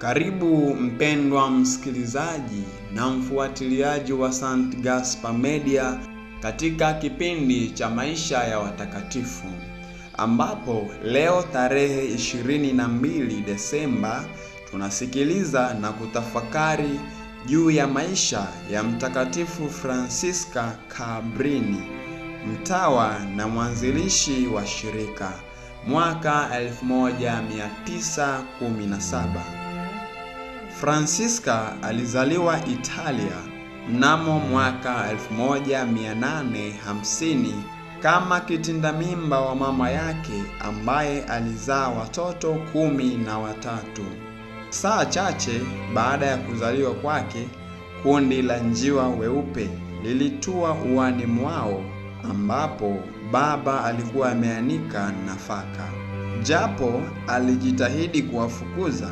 Karibu mpendwa msikilizaji na mfuatiliaji wa St. Gaspar Media katika kipindi cha maisha ya watakatifu ambapo leo tarehe 22 Desemba tunasikiliza na kutafakari juu ya maisha ya Mtakatifu francisca cabrini mtawa na mwanzilishi wa shirika mwaka 1917. Fransiska alizaliwa Italia mnamo mwaka 1850 kama kitinda mimba wa mama yake ambaye alizaa watoto kumi na watatu. Saa chache baada ya kuzaliwa kwake, kundi la njiwa weupe lilitua uani mwao ambapo baba alikuwa ameanika nafaka. Japo alijitahidi kuwafukuza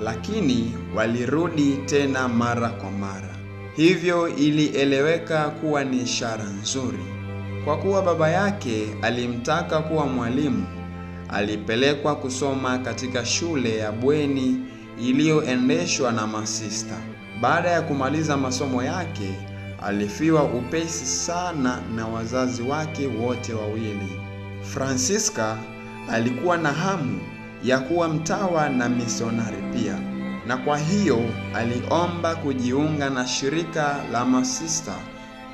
lakini walirudi tena mara kwa mara. Hivyo ilieleweka kuwa ni ishara nzuri. Kwa kuwa baba yake alimtaka kuwa mwalimu, alipelekwa kusoma katika shule ya bweni iliyoendeshwa na masista. Baada ya kumaliza masomo yake, alifiwa upesi sana na wazazi wake wote wawili. Fransiska alikuwa na hamu ya kuwa mtawa na misionari pia, na kwa hiyo aliomba kujiunga na shirika la masista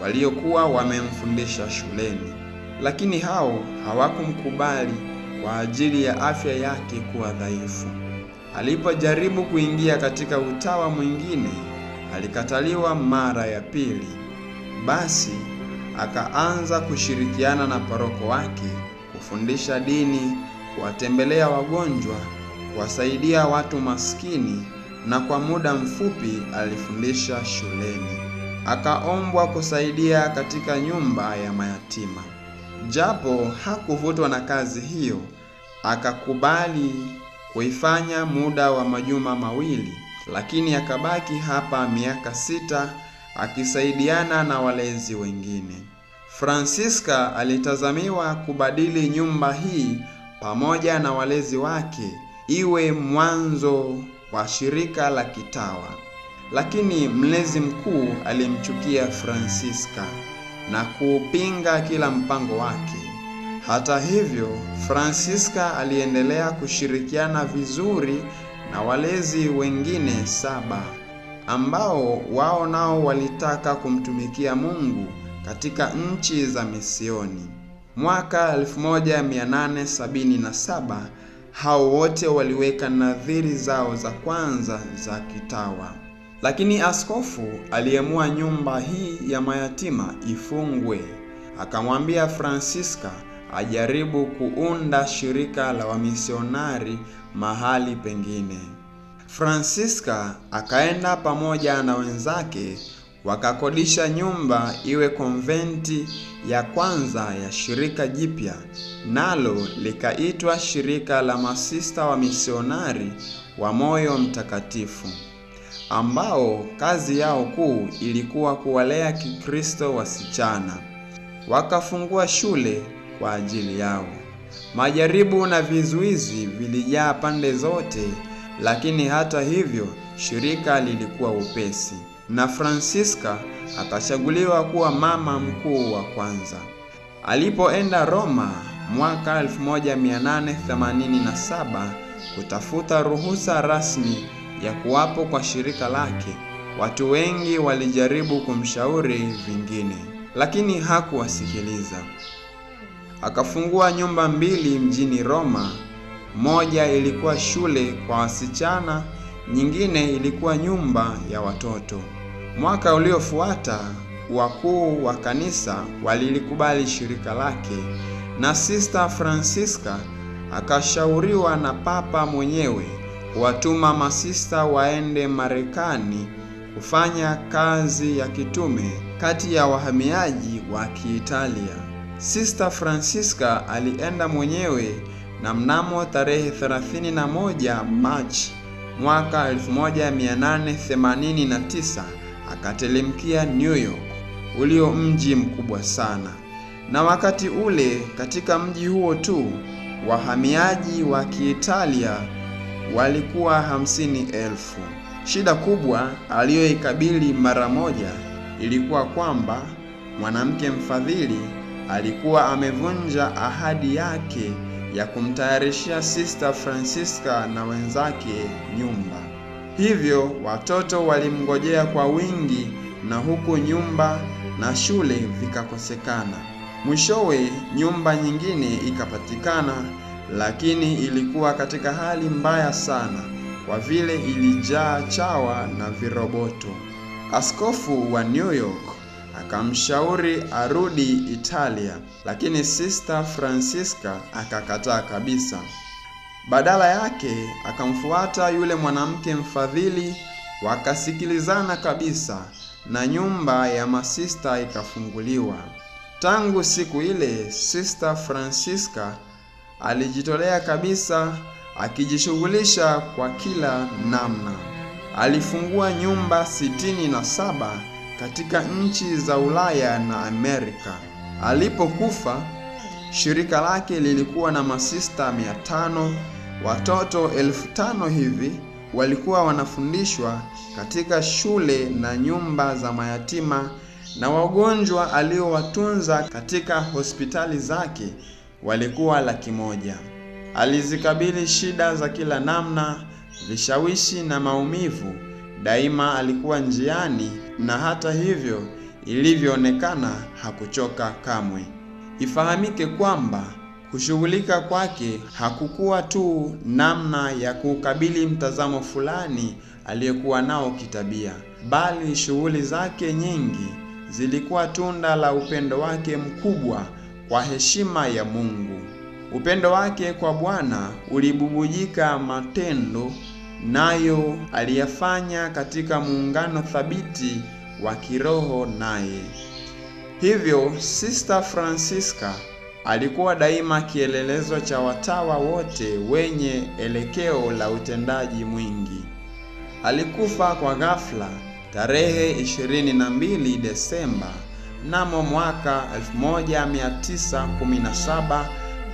waliokuwa wamemfundisha shuleni, lakini hao hawakumkubali kwa ajili ya afya yake kuwa dhaifu. Alipojaribu kuingia katika utawa mwingine, alikataliwa mara ya pili. Basi akaanza kushirikiana na paroko wake kufundisha dini kuwatembelea wagonjwa, kuwasaidia watu maskini na kwa muda mfupi alifundisha shuleni. Akaombwa kusaidia katika nyumba ya mayatima. Japo hakuvutwa na kazi hiyo, akakubali kuifanya muda wa majuma mawili, lakini akabaki hapa miaka sita akisaidiana na walezi wengine. Francisca alitazamiwa kubadili nyumba hii pamoja na walezi wake iwe mwanzo wa shirika la kitawa, lakini mlezi mkuu alimchukia Fransiska na kuupinga kila mpango wake. Hata hivyo, Fransiska aliendelea kushirikiana vizuri na walezi wengine saba ambao wao nao walitaka kumtumikia Mungu katika nchi za misioni. Mwaka 1877 hao wote waliweka nadhiri zao za kwanza za kitawa, lakini askofu aliamua nyumba hii ya mayatima ifungwe. Akamwambia Fransiska ajaribu kuunda shirika la wamisionari mahali pengine. Fransiska akaenda pamoja na wenzake Wakakodisha nyumba iwe konventi ya kwanza ya shirika jipya, nalo likaitwa Shirika la Masista wa Misionari wa Moyo Mtakatifu, ambao kazi yao kuu ilikuwa kuwalea Kikristo wasichana. Wakafungua shule kwa ajili yao. Majaribu na vizuizi vilijaa pande zote, lakini hata hivyo shirika lilikuwa upesi na francisca akachaguliwa kuwa mama mkuu wa kwanza. Alipoenda Roma mwaka 1887 kutafuta ruhusa rasmi ya kuwapo kwa shirika lake, watu wengi walijaribu kumshauri vingine, lakini hakuwasikiliza. Akafungua nyumba mbili mjini Roma. Moja ilikuwa shule kwa wasichana nyingine ilikuwa nyumba ya watoto. Mwaka uliofuata wakuu wa kanisa walilikubali shirika lake na Sister francisca akashauriwa na Papa mwenyewe kuwatuma masista waende Marekani kufanya kazi ya kitume kati ya wahamiaji wa Kiitalia. Sister francisca alienda mwenyewe na mnamo tarehe 31 Machi mwaka 1889 akatelemkia New York ulio mji mkubwa sana, na wakati ule katika mji huo tu wahamiaji wa Kiitalia walikuwa hamsini elfu. Shida kubwa aliyoikabili mara moja ilikuwa kwamba mwanamke mfadhili alikuwa amevunja ahadi yake ya kumtayarishia Sister Francisca na wenzake nyumba. Hivyo watoto walimngojea kwa wingi na huku nyumba na shule vikakosekana. Mwishowe nyumba nyingine ikapatikana, lakini ilikuwa katika hali mbaya sana kwa vile ilijaa chawa na viroboto. Askofu wa New York akamshauri arudi Italia, lakini Sister Francisca akakataa kabisa. Badala yake akamfuata yule mwanamke mfadhili, wakasikilizana kabisa na nyumba ya masista ikafunguliwa. Tangu siku ile Sister Francisca alijitolea kabisa, akijishughulisha kwa kila namna. Alifungua nyumba sitini na saba katika nchi za Ulaya na Amerika. Alipokufa, shirika lake lilikuwa na masista mia tano. Watoto elfu tano hivi walikuwa wanafundishwa katika shule na nyumba za mayatima, na wagonjwa aliowatunza katika hospitali zake walikuwa laki moja. Alizikabili shida za kila namna, vishawishi na maumivu Daima alikuwa njiani na hata hivyo ilivyoonekana hakuchoka kamwe. Ifahamike kwamba kushughulika kwake hakukuwa tu namna ya kuukabili mtazamo fulani aliyekuwa nao kitabia, bali shughuli zake nyingi zilikuwa tunda la upendo wake mkubwa kwa heshima ya Mungu. Upendo wake kwa Bwana ulibubujika matendo nayo aliyafanya katika muungano thabiti wa kiroho naye. Hivyo Sister Francisca alikuwa daima kielelezo cha watawa wote wenye elekeo la utendaji mwingi. Alikufa kwa ghafla tarehe 22 Desemba mnamo mwaka 1917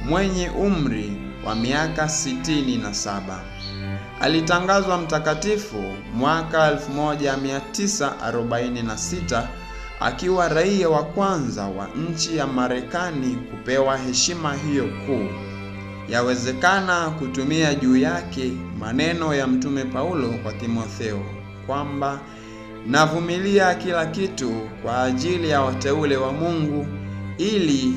mwenye umri wa miaka 67. Alitangazwa mtakatifu mwaka 1946 akiwa raia wa kwanza wa nchi ya Marekani kupewa heshima hiyo kuu. Yawezekana kutumia juu yake maneno ya Mtume Paulo kwa Timotheo kwamba navumilia kila kitu kwa ajili ya wateule wa Mungu ili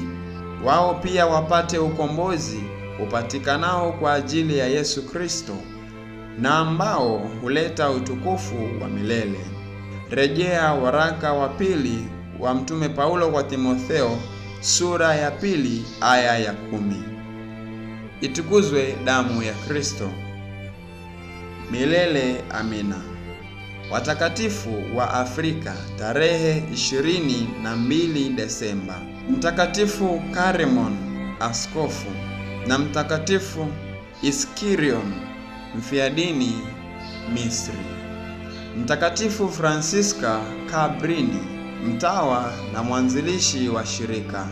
wao pia wapate ukombozi upatikanao kwa ajili ya Yesu Kristo na ambao huleta utukufu wa milele. Rejea waraka wa pili wa Mtume Paulo kwa Timotheo sura ya pili aya ya kumi. Itukuzwe damu ya Kristo! Milele amina. Watakatifu wa Afrika tarehe 22 Desemba: Mtakatifu Karemon askofu na Mtakatifu Iskirion mfiadini Misri. Mtakatifu francisca Cabrini, mtawa na mwanzilishi wa shirika.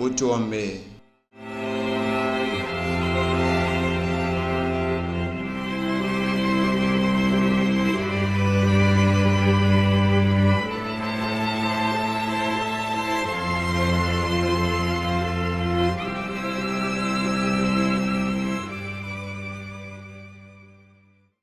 Utuombee.